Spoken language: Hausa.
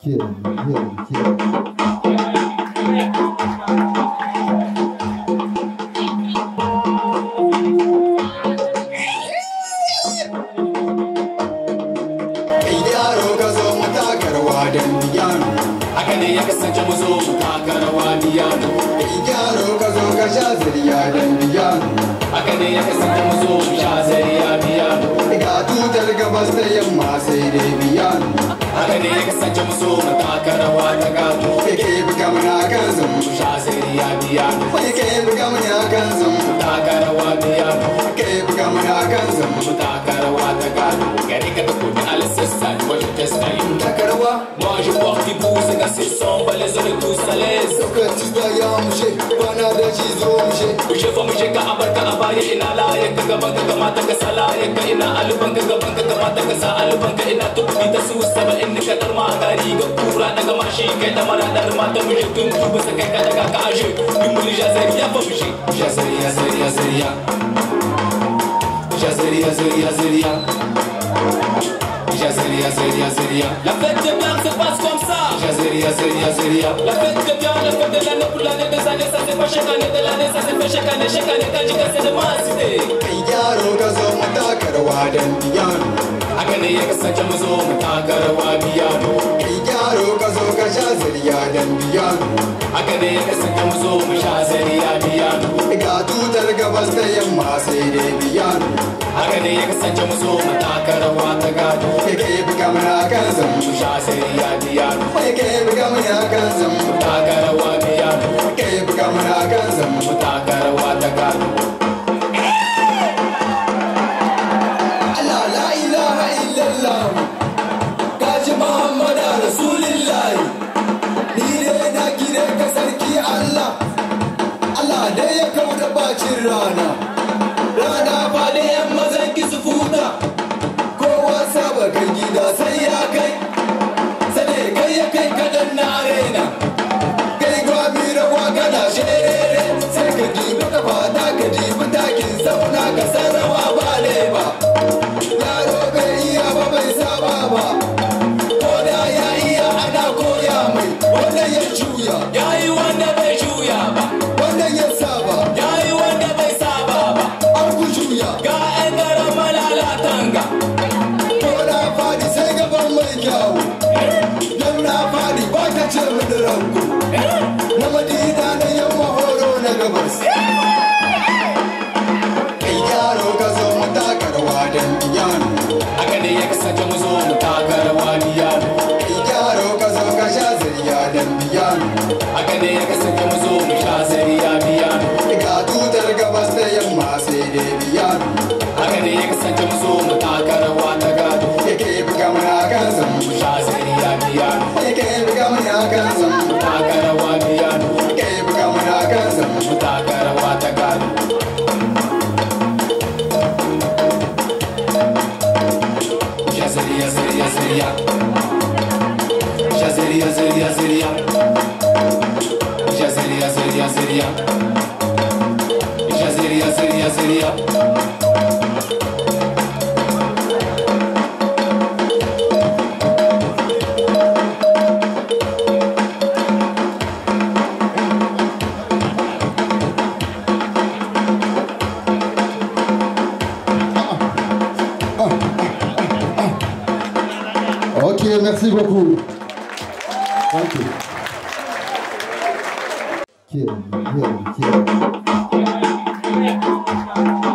Kielm, Kielm, Kielm. Kai yaro ka zo matakarwa don haka ne ya kasance mu zo mu taka rawa biyano kai gyaro ka zo ka sha zariya dan biyano haka ne ya kasance mu zo mu sha zariya biyano ga tutar gabas da yamma sai dai biyano haka ya kasance mu zo mu taka rawa ta gato kai buga mana kan zan mu sha zariya ta gato gari ka tafi alisassa wajen testa yin takarwa ma Nasılsam balezonu kusales Lokaci da yamşe bana da Uje ka ina laye ka ka ka salaye ka ina ka ka ka sa ka ina ka mashi mara ta sa ka ka aje Jazeria, Zeria, Zeria. La fête de bien se passe comme ça. Jazeria, Zeria, Zeria. La fête de bien, la fête de l'année pour l'année des années. Ça se fait chaque année de l'année. Ça se fait chaque année, chaque année. Quand je casse de ma cité. Yaro ka zo mu takarwa dan biyano. Haka ne ya kasance mu zo mu takarwa biyano. Yaro ka zo ka sha zariya dan biyano. Haka ya kasance mu zo mu sha zariya biyano. Ga tutar gabas ta yamma sai dai haka ne ya kasance musu mataka rawa ta gado ya ke buga mana kan zan mu sha sai ya biya mu ke buga mana kan zan mu taka rawa biya mu ke buga mana kan zan mu taka rawa ta gado Allah ni ne na gire ka sarki Allah Allah dai ya kauda bacin rana behind us. yaro haka ne Ok, merci beaucoup. Thank you. 见一面，见一面。